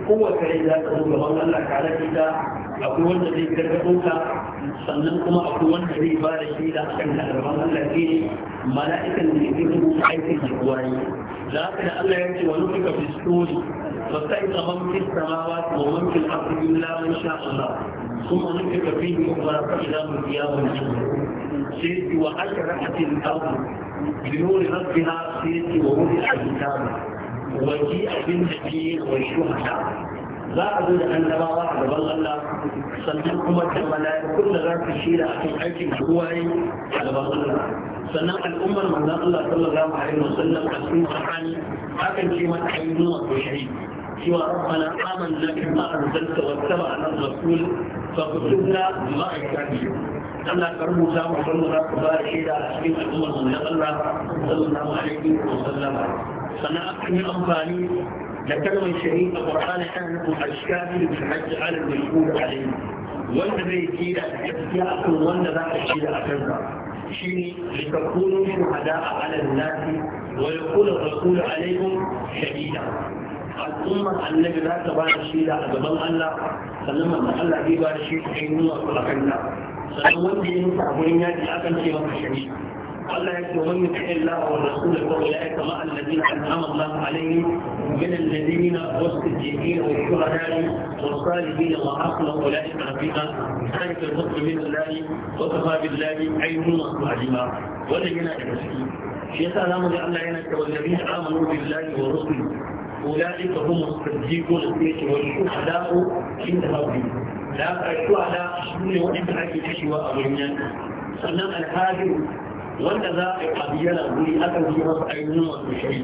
kowace rai za ta zo gaban Allah tare da ita akwai wanda zai gargaɗo ka sannan kuma akwai wanda zai ba da shi da akan da gaban Allah ke ne mala'ikan da ke rubuta aikin da kuwa yi za ka da Allah ya ce wani kuka fi stori وسعد من في السماوات ومن في الارض الا من شاء الله ثم نفق فيه اخرى فاذا هم ثياب سيدي واشرقت الارض بنور ربها سيدي ووضع الكتاب وجيء بالنبيين والشهداء za a zo da annabawa a gaban Allah sannan kuma da mala'ikun da za su shira a kan aikin da kowa yi a gaban Allah sannan al'ummar manzon Allah sallallahu alaihi wasallam a ce mata ayyuna wa سوى ربنا امنا لك ما أنزلت واتبع عن الرسول فكتبنا مع الكاتبين أنا كرم سامح الله كبار إلى أسلم الأمم يا الله صلى الله عليه وسلم انا أكرم أمثالي لكلمه شهيده القرآن كان لكم أشكالي بالحج على المشهور عليه وأن بيتي أتيأكم وأن ذاك الشيء أكرم شيني لتكونوا شهداء على الناس ويقول الرسول عليهم شهيدا al'ummar annabi za ta ba da shaida a gaban Allah sannan manzon Allah zai ba da shaida shi nuna su a kanta sannan wanda ya mutu a gurin yaji akan ce maka shari Allah ya ce wa man yuti Allah wa rasulahu fa ulaika ma alladhina an'ama Allah alaihim min alladhina wasjidin wa shuhada'i wa salihin wa aqla ulaika rafiqa dhalika al-fadl min Allah wa kafa billahi aynun alima wannan yana da gaske shi yasa zamu ga Allah yana cewa alladhina amanu billahi wa rusulihi أولئك هم الصديقون السيئة والشهداء عند ربهم لا الشهداء شمول وإن حكي تشوى أغنيان سنة الهاجر wanda za a yi abiyana guri aka yi masa ainihin wasu shari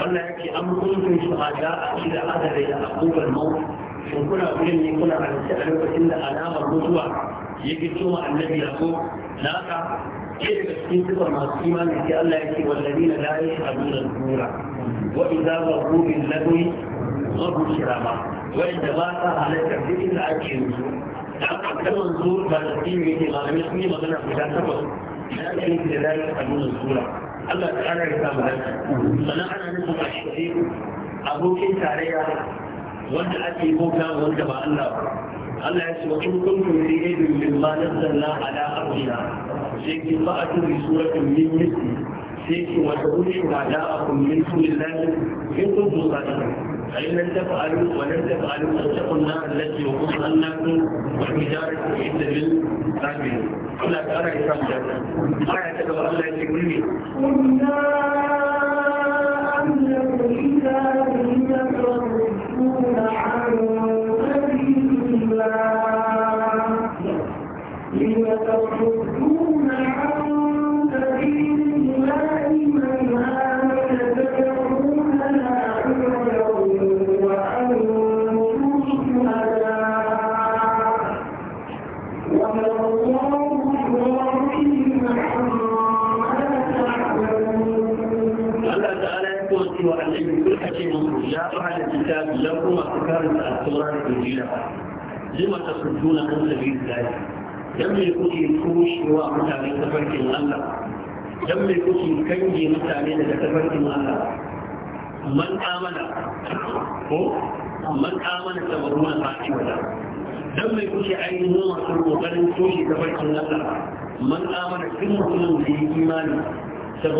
wanda yake an kuntun shahada a shi da adadai da abubuwan mau shin kuna gurin ne kuna halitta a lokacin da alamar mutuwa ya fito annabi ya ko naka ɗaya daga cikin sifar masu imani sai Allah ya ce wallazi na tura ba ta halatta duk inda ake yanzu da aka kalmar zuwa ba da cikin yake malamai sun yi magana guda takwas da aka yi da layi a dunan tura Allah ta ƙara ya samu lafiya sannan ana nufin a shi abokin tarayya wanda ake bauta wanda ba Allah ba Allah ya ce wa in kuntum fi aidin mimma nazzalna ala abdina sai ki a bi suratin min misli sai ki wa taqulu shuhada'akum min dunillahi in kuntum sadiqin فإن لم تفعلوا ولن تفعلوا فاتقوا النار التي وقودها الناس والحجارة أعد للكافرين. ولا ترى إسلام جنة. ya تقول الله يقول لي. ce musu ya fada kitabi ya kuma su karanta a sauran injila lima ta sujjuna an sabi lahi dan me kuke kushewa mutane ta farkin Allah dan me kuke kange mutane daga ta tafarkin Allah man amana ko man amana tabaruna fa'ida dan me kuke ainihin masu kokarin toshe tafarkin Allah man amana duk mutumin da ya imani إلى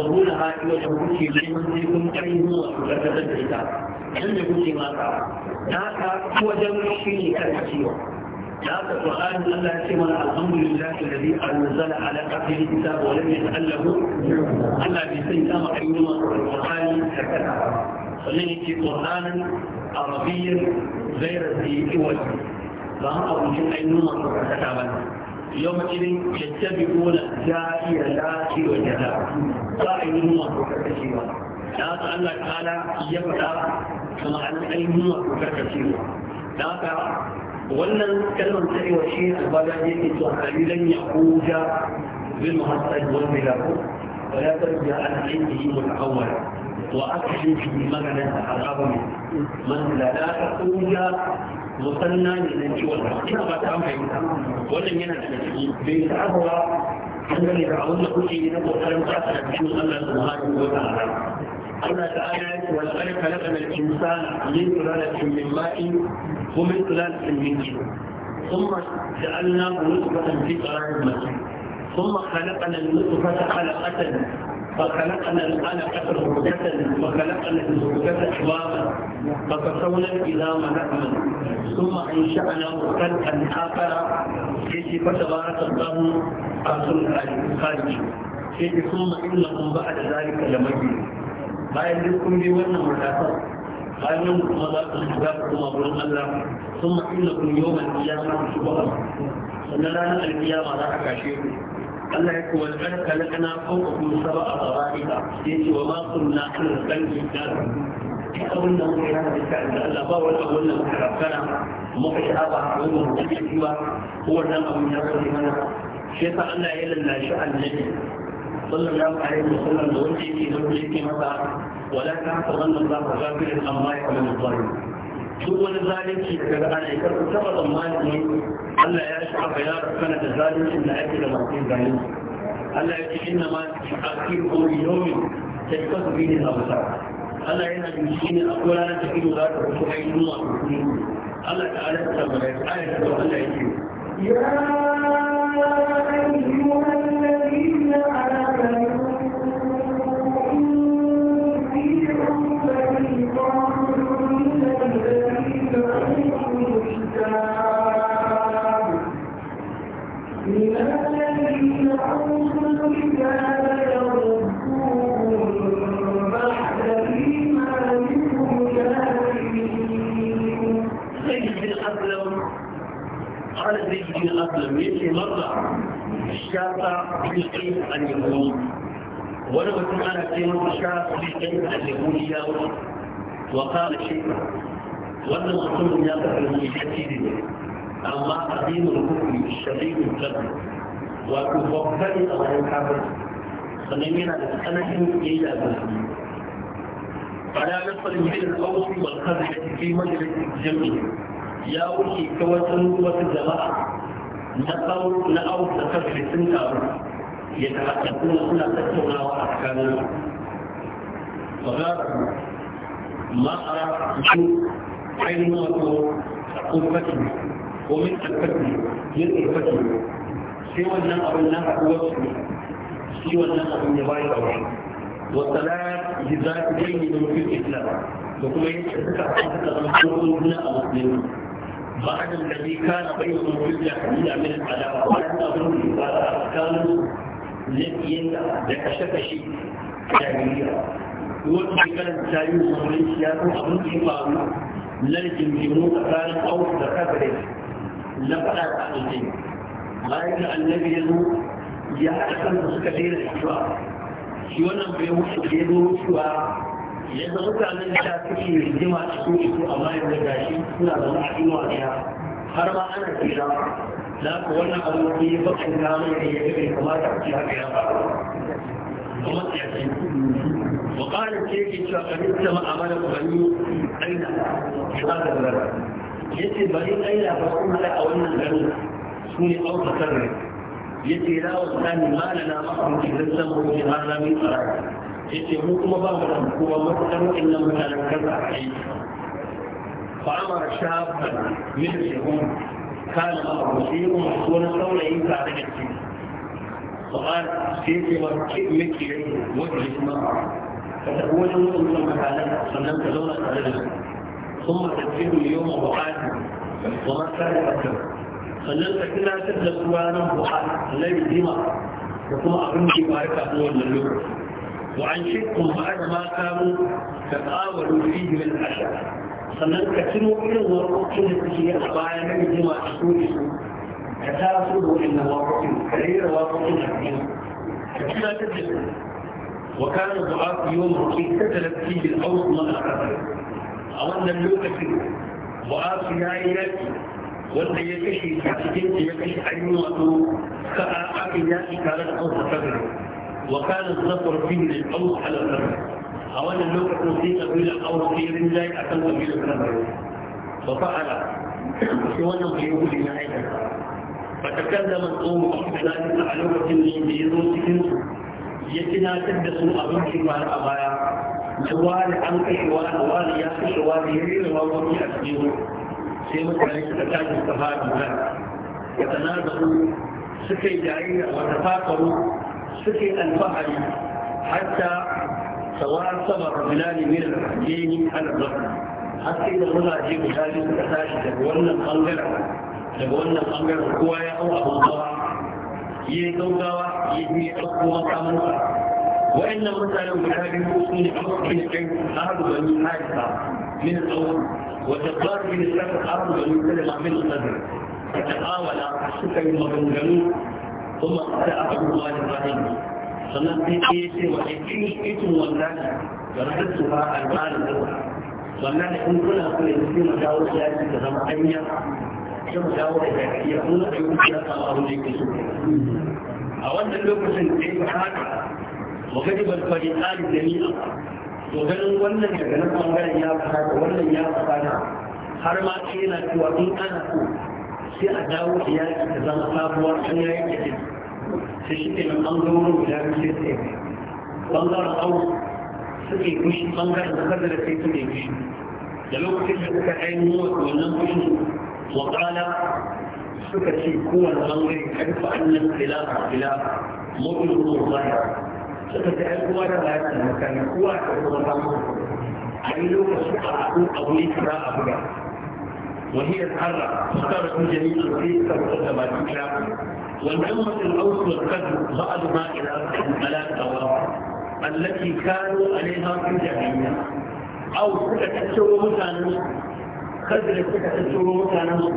وتبغوني من منكم أيهم وتبغون الكتاب لم يكن ما تعالى هذا هو جمع الشيء كالحسيوة هذا القرآن الله سمع الحمد لله الذي أنزل على عبده الكتاب ولم يتأله ألا بسيطان أيهما القرآن هكذا فلنك قرآنا عربيا غير ذي وجه فهو أبو جمع أيهما الكتاب yau irin yattabi gona da'iya lati wa jada ba a yi nuna ko karkashewa da haka Allah ya faɗa da ma'anar ainihin nuna ko da wannan kalmar ta iwa shi albada ne ke to kalilan ya kuja bil muhassad wal milaku wa la tarja an ilmihi mutawwala وأكشف في مغنى أقابل من لا تقويا مصنع من الجوال كما بتعمل ولم ينسى بالعبوة أن دعونا كل شيء نقول فلم تأثر بشو الله سبحانه وتعالى الله تعالى والخلق خلقنا الإنسان من سلالة من ماء ومن سلالة من جبل ثم جعلناه نطفة في قرار المسجد ثم خلقنا النطفة خلقة فخلقنا الآن قدر حدثا وخلقنا الحدثة حوارا فقصونا الإلام نعما ثم أنشأنا مختلفا آخر كيف فتبارك الله أرسل الخارج ثم إنكم بعد ذلك لمجد بعد ذلكم لي وانا مرتفع بعد ذلكم مضاق الحجاب ثم أبرم الله ثم إنكم يوم القيامة تشبه الله صلى الله عليه وسلم القيامة لا أكاشيكم Allah ya ce wal barka lakana fawqakum sab'a sara'ika yace wa ma kunna an qalbi dar abin da muka yana da da Allah ba wani abu da muka rafkana muka sha'aba a wani mutum ba ko wannan abin ya rage mana shi yasa Allah ya lallashi annabi sallallahu alaihi Sallam da wanda yake da wanda yake masa wala ta hasabanna Allah ghafirun amma ya ya'lamu zalimin duk wani zalunci da kaga ana ikar ku taba zamani Allah ya shi aka ya kana da zalunci da ake da masu zalunci Allah ya ce inna ma akiru su bi ne al-absar Allah yana da shi ne a kowa na tafiyo za ta fito a yi nuna a kuma Allah ta ala ta tabbata ayar da Allah ya ce ya ayyuhan قال زيد بن اسلم يجي مرة الشافع بن قيس اليهودي ولو سمعنا كلمة الشافع بن قيس اليهودي يا وقال شيخا وأن مسلم يقف المجتهد الله عظيم الكفر الشديد القدر wato babba ne a wajen kafin sannan yana da tsananin yayi da musulmi ala nafal min al-aws wal qadr fi majlis al-jami ya wuce ta wasu wasu jama'a na qawl na aws da qadr sun taru ya tahaddatu suna tattaunawa a tsakanin fagara ma ara su ainihin wato kubbati ko min alfati min alfati sai wannan abin na haɗuwar su shi wannan abin ya bayi aure wasala ji za su dai ne don fil islam da kuma yadda suka suka zama tsoron juna a musulmi بعد الذي كان بينهم في الجاهلية من العداوة ولم أظن كانوا لم يدع شك شيء جاهلية يوجد كلام تاريخ مولين سياسة أظن إقامة لن تنجمون أفعال أو ذكاء لم أعلم bayan da annabi ya zo ya haɗa kansa suka daina mutuwa shi wannan bai mutu da ya zo mutuwa ya zama mutanen da suke rigima a su su amma yanzu ga shi suna zama a inuwa ɗaya har ma ana tsira Za ku wannan abu ne ya bakin gano da ya gabe kamata a ci haka ya faru kuma tsaye وقال كيف شاكرت ما أمر بني أين هذا الغرب يتي بني أين da لك أولنا الغرب سوني أو تكرر يتي لا والثاني ما لنا في مخرج لنسمه هذا من قرار يتي هو كما بابا هو مكتر إلا من متنكر عليه فأمر شابا من مثلهم كان معه مسير مسؤول قوله بعد جسمه فقال سيدي وكئمك إليه واجلس معه فتأول ثم تعالى سلمت لولا ثم تدفن اليوم وقال وما كان أكثر sannan ka tunatar da su ranar buhar na rigima da kuma abin da ya kafin wannan lokaci wa an shi kuma ba da ma samu ka tsawaro fiye da asha sannan ka ciro irin warkokin da suke a baya na rigima a su su ka su da waɗannan warkokin ka rera warkokin a cikin ka tunatar da su wa kana du'a fi yawm ruqi katalat fi da aws da aure qadr a wannan lokacin du'a fi yayi yaki wanda ya kashe a cikin ya kashe an yi wato ka a aka yaƙi tare da ausa kabir wa kana zafar fi ne ausa ala kabir a wannan lokacin sai kabilar ausa sai rinjaye a kan kabilar kabir ba fa'ala sai wannan bai yi gudu na aikata فتكلم القوم ذلك على وقت يزور سكن يتنا تدسوا أبنك على أبايا جوال عنك شوال وال يا شوال يريد وهو في أسجيه sai mutane suka tashi suka fara magana ya tanaza'u suka yi jayayya wa tafakaru suka yi alfahari hatta tawasabar bilali min al-hajjini al-zahri har sai da mazaje guda biyu suka tashi daga wannan bangaren daga wannan bangaren kowa ya hau abin hawa ya yi gaugawa ya yi ɗauko makamansa wa'annan mutanen guda biyu su ne a mafi na kai har bani harisa min al-awwal وتقار من الثلاثة الأرض ويسلم من الصدر فتقاول سكي مغنغنو ثم أتى الله الرحيم sannan sai ke ce wa ikini ikin wannan da rahattu ba a tsarin zuwa wannan da in kuna so yanzu sai mu dawo da yaki da zama hanya sai dawo da jariya mun a wannan lokacin haka da to ganin wannan daga nan bangaren ya fada da wannan ya fada har ma ta yana cewa in ana so sai a dawo da yaki ta zama sabuwar an ya yi kake sai shi ke nan bangarorin guda biyu sai tsaye bangaren au suke kushi bangaren da kada da sai suke kushi da lokacin da suka ainihin wasu wannan kushi wakala suka ce kowane bangare karfa annan filafa filafa mutum ko zahira suka ce ai kowa da ya ce mutane kowa da kuma ba وهي الحرة اختارت جميع الرئيس والثبات الكلام والأمة الأوس والكذب بعضها إلى الملاك التي كانوا عليها في الجاهلية أو تتكسروا مكانهم خذل تتكسروا مكانهم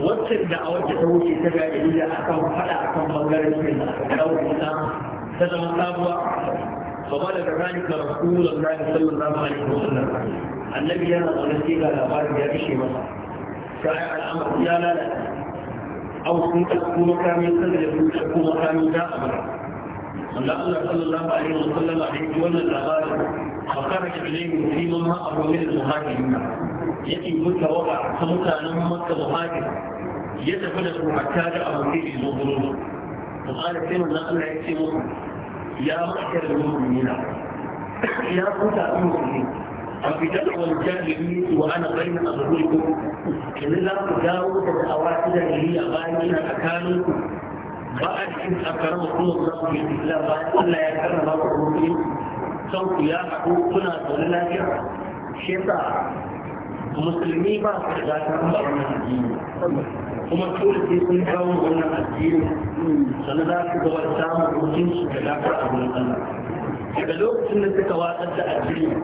وتصل دعوة تتوشي تجاهلية أكون فلا أكون بغير من الأكون ta zama sabuwa fa da zalika rasulullahi sallallahu alaihi wasallam annabi yana zaune sai ga labarin ya ishe masa sai al'amari ya lalata aw sun ɗauko makami sun da sun ɗauko makami da amara wanda Allah sallallahu alaihi wasallam a yi wannan labarin fa kharaja ilayhi fi man ma'ahu min al-muhajirin yake mutu wa ta mutanen makka muhajir ya tafi da su hatta da abokai zo gurin فقال سيما الله أن يكتب يا معشر المؤمنين يا قوة المؤمنين الفتاة والجاهلية وأنا بين أظهركم إن لا تجاوز الأواسد اللي هي غاية أكانكم بعد إن أكرمكم الله في الإسلام بعد أن لا يكرم الله المؤمنين سوف يا حقوقنا ولله شيطان musulmi ba su da ta kuma wannan addini kuma dole sai sun kawo wannan addini sannan za su gaba samun mutunci da lafiyar abin Allah daga lokacin da suka watsar da addini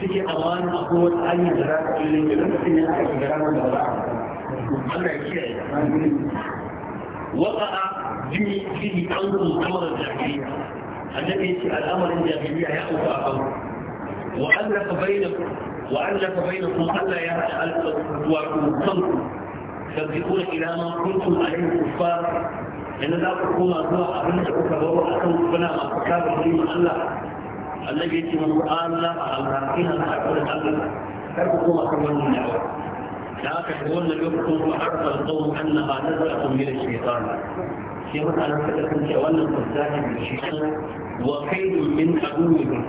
suke amana a kowace hanyar da za su ɗin ne da lokacin da aka shiga ranar da ba Allah ya kiyaye وقع في فيه قلب الأمر الجاهلية الذي في الأمر الجاهلية يأوفى أمر وألف بينكم وألف بينكم ألا يهدأ الخلق ترجعون إلى ما كنتم عليه الكفار لأن لا تكون أدواء أبنى كفار أكون كنا أفكار من الله الذي يتم القرآن لا أعلمين أن أكون الله تركوا أكبر من الأول لا تكون لكم وحرف القوم أنها نزلة من الشيطان شيخ أنا فتكون شوالا فزاها من الشيطان وكيد من أدوه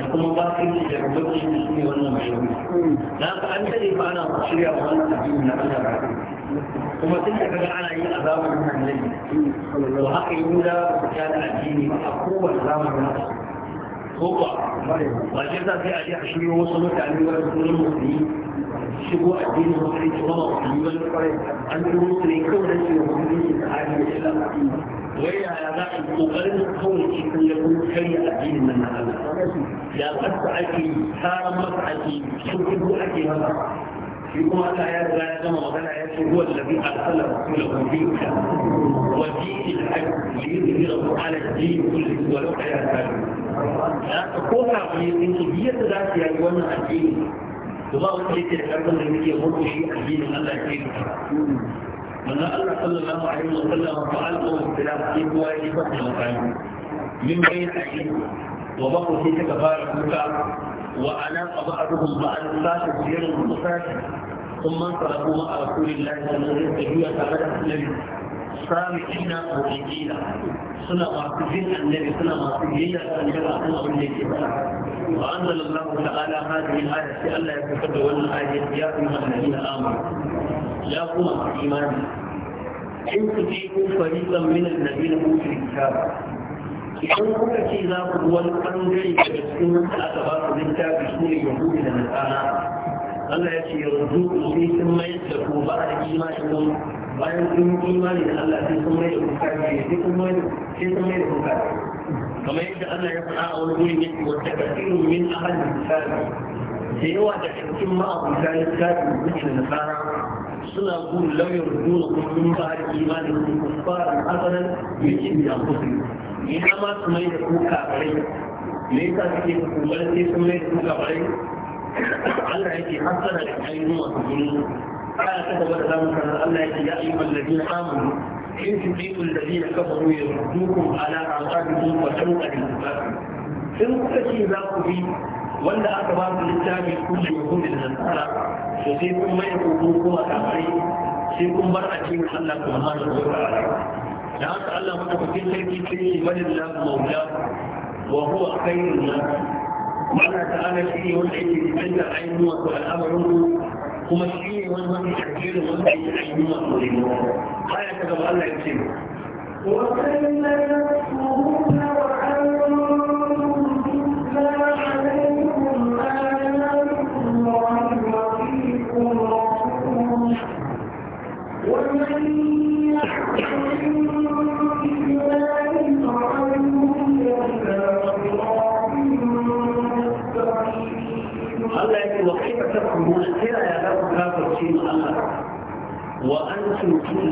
da kuma bakin da rubuci da su ne wannan mai na ka an tare ba ana shirya wa wannan addini na Allah ba kuma tun da kaga ana yin azabar annabi to haka yi da ta da addini ba a kowace zamanin na ko ba ba shi za sai a je a shirya wasu mutane wani sunan musulmi shigo addinin musulmi kuma musulmi wani an yi musulmi kawai da shi da musulmi da hali da shi wai yaya za a yi kokarin kawai ke kan ya kuma karya addinin nan na Allah ya kasa ake taron masa ake shukudu ake masa shi kuma Allah ya riga ya gama magana ya ce huwa allazi arsala rasulahu bil huda wa dinil haqq liyudhhirahu ala ad-din kullihi wa law kariha al-kafirun ya ko ka ne in ki biyar da zaki yi wannan addini to ba wanda yake da karfin da yake murƙushi addinin Allah ya ce من الله صلى الله عليه وسلم فعلته اختلاف في كوائد فتح مكان من بين عين وبقوا في كفارة مكة وعلاق بعضهم بعد فاتح سير المساجد ثم انطلقوا مع رسول الله صلى الله عليه وسلم sami'ina mu'minina suna masu jin annabi suna masu biyayya ga annabi akan abin da yake faɗa wa anzalallahu ta'ala hadhihi al-aya sai Allah ya fitar da wannan ayat ya ayyuha alladhina amanu ya kuma imani in ku ji ku fariqan min alladhina utul kitaba idan kuka ce za ku wani ɓangare da cikin wanda aka ba ku littafi su ne yahudu da nasara Allah ya ce yanzu ku sai sun mayar da ku ba a imanin bayan sun yi imani da Allah sai sun mai da kuka ne sai sun mai da sai sun mai da kamar yadda Allah ya faɗa a wani gurin yake wata kasirin min ahadin misali da yawa da cikin ma'abuta littafi mutum da nasara suna gudu lauyar dole kuma sun ba da imanin fara kufaran asalan yakin da kusa ne ma su mai da kuka bari, me yasa suke kuma sai sun mai da kuka bari? Allah yake hasara da ayyukan wasu gurin آية تتبقى ذلك أن الله يا أيها الذين آمنوا إن تطيعوا الذين كفروا يردوكم على أعقابكم وتلوا أجلكم إن كنتم ذاك بي wanda aka ba su littafi kulle yahudin da nasara to sai kun mai hudu kuma kafai sai kun bar a cikin Allah subhanahu wa ta'ala da haka Allah madaukakin sarki sai ya bada lahu maula wa huwa khairun nas Allah ta'ala shi ne wanda yake da ainihin wasu al'amarin kuma shi ne wani wani shirin wani ya yi nuna kore baya ta gaba Allah ya ce ko kai na yasmuhu na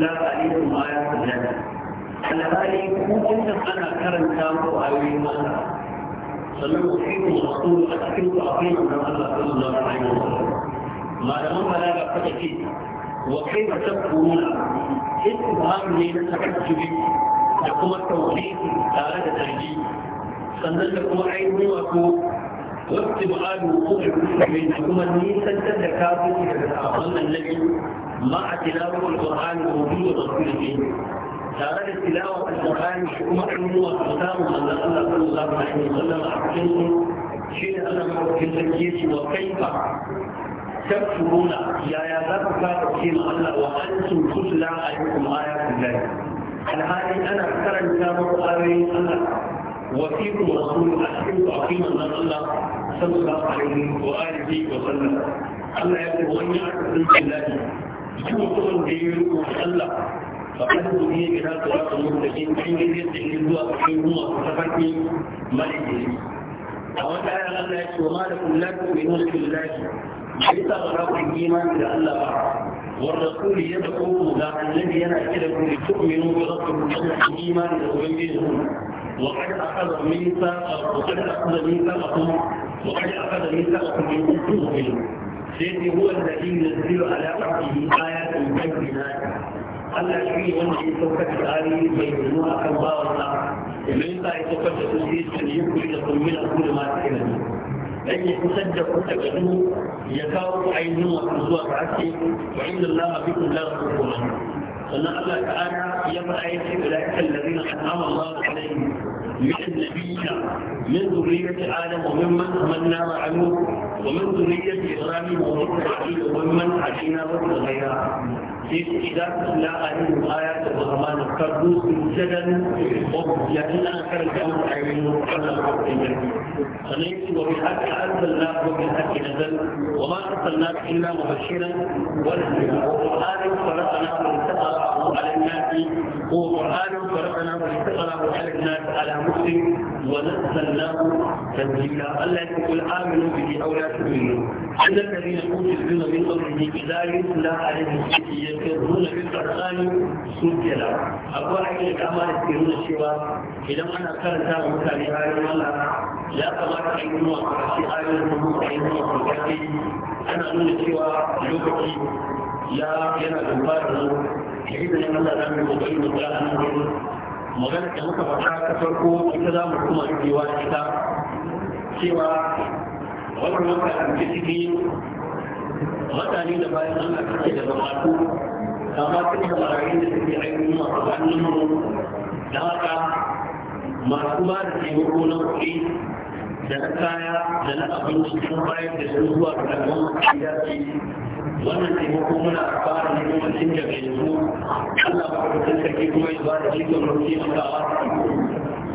tutla alaikum ayatul janna alhali ku kunna ana karanta muku ayoyin Allah sannan ku fi ku rasul a cikin ku akwai manzon Allah sallallahu alaihi wasallam malaman balaga fata ce wa kaifa taquluna ba ne na takajjubi da kuma tauhidi tare da tarjihi sannan da kuma ainihin wato wasu ba'adu kuma da kuma nisantar da kafin daga sabon annabi ma a tilawar alƙur'ani ko biyu da su ne tare da tilawar alƙur'ani kuma an yi wa samu manzon Allah sallallahu alaihi wasallam a cikin shi ne Allah mawakin sarki ya ce wa kaifa تكفرون يا يا ذاك كافرين الله وانتم تتلى عليكم ايات الله على هذه انا اكثر كتاب ايات الله وفيكم رسول احكم تعظيما من الله sallallahu alaihi wa alihi wa sallam Allah ya kuma wani aka san billahi kuma kuma da yi ruwa Allah ba ne da za ka yi da shi in yi zai da shi zuwa ka yi ruwa ka ta farki a wata ayar Allah ya ce wa mada kullaki mai nuna billahi bai sa ba za ku yi imani da Allah ba wa rasuli ya da kuma da annabi yana kira ku da tukminu ko zakka ku da imani da ubangiji ne وقد أخذ منك وقد أخذ منك وقد أخذ منك من كل شيء هو الذي ينزل على عبده آيات بينات التي ينزل سوف تتعالي بينهما كما الله من الله سوف تتعيش أن يكون من كل ما تعلم أن يتسجق تبدو يكاو عينه وحزوة عكسه وعند الله بكم لا تكون أن الله تعالى يبقى أولئك الذين أنعم الله عليهم من النبي من ذرية آدم وممن أمنا معه ومن ذرية إبراهيم ومن إسرائيل وممن علينا وابتغينا إذا تتلى عليهم آيات الرحمن خرجوا سجدا ويقول أنكر الكون أعين وقال الحقيقة فليس وبالحق أنزلناه وبالحق نزل وما أرسلناك إلا مبشرا ونذيرا وقرآن فرقناه لتقرأه على الناس هو قرآن فرقناه لتقرأه على الناس على مسلم ونزلناه تنزيلا ألا يقول آمنوا به أو لا تؤمنوا إن الذين أوتوا العلم من قبله إذا يتلى عليهم suke nuna bin ƙarƙani su kenan akwai hanyar dama da suke nuna cewa idan ana karanta wa mutane ayoyin Allah ya kamata a yi nuna ƙarshe ayoyin da a yi nuna karshe ana nuna cewa lokaci ya yana da ba da zuwa da izinin Allah za mu da mu ga an gudu magana da muka ta farko ita za mu kuma cewa ita cewa wannan wata da ciki mutane da bayan Allah da bukatu kama kan da marayin da suke aiki masu hannun mu da haka masu ba da taimako na kuɗi da na kaya da na abinci sun bayar da su zuwa ga al'umma da ya ce wannan taimako muna fara ne kuma cin da bai su Allah ba ku tsarki kuma ya ba da shi ga mutum ya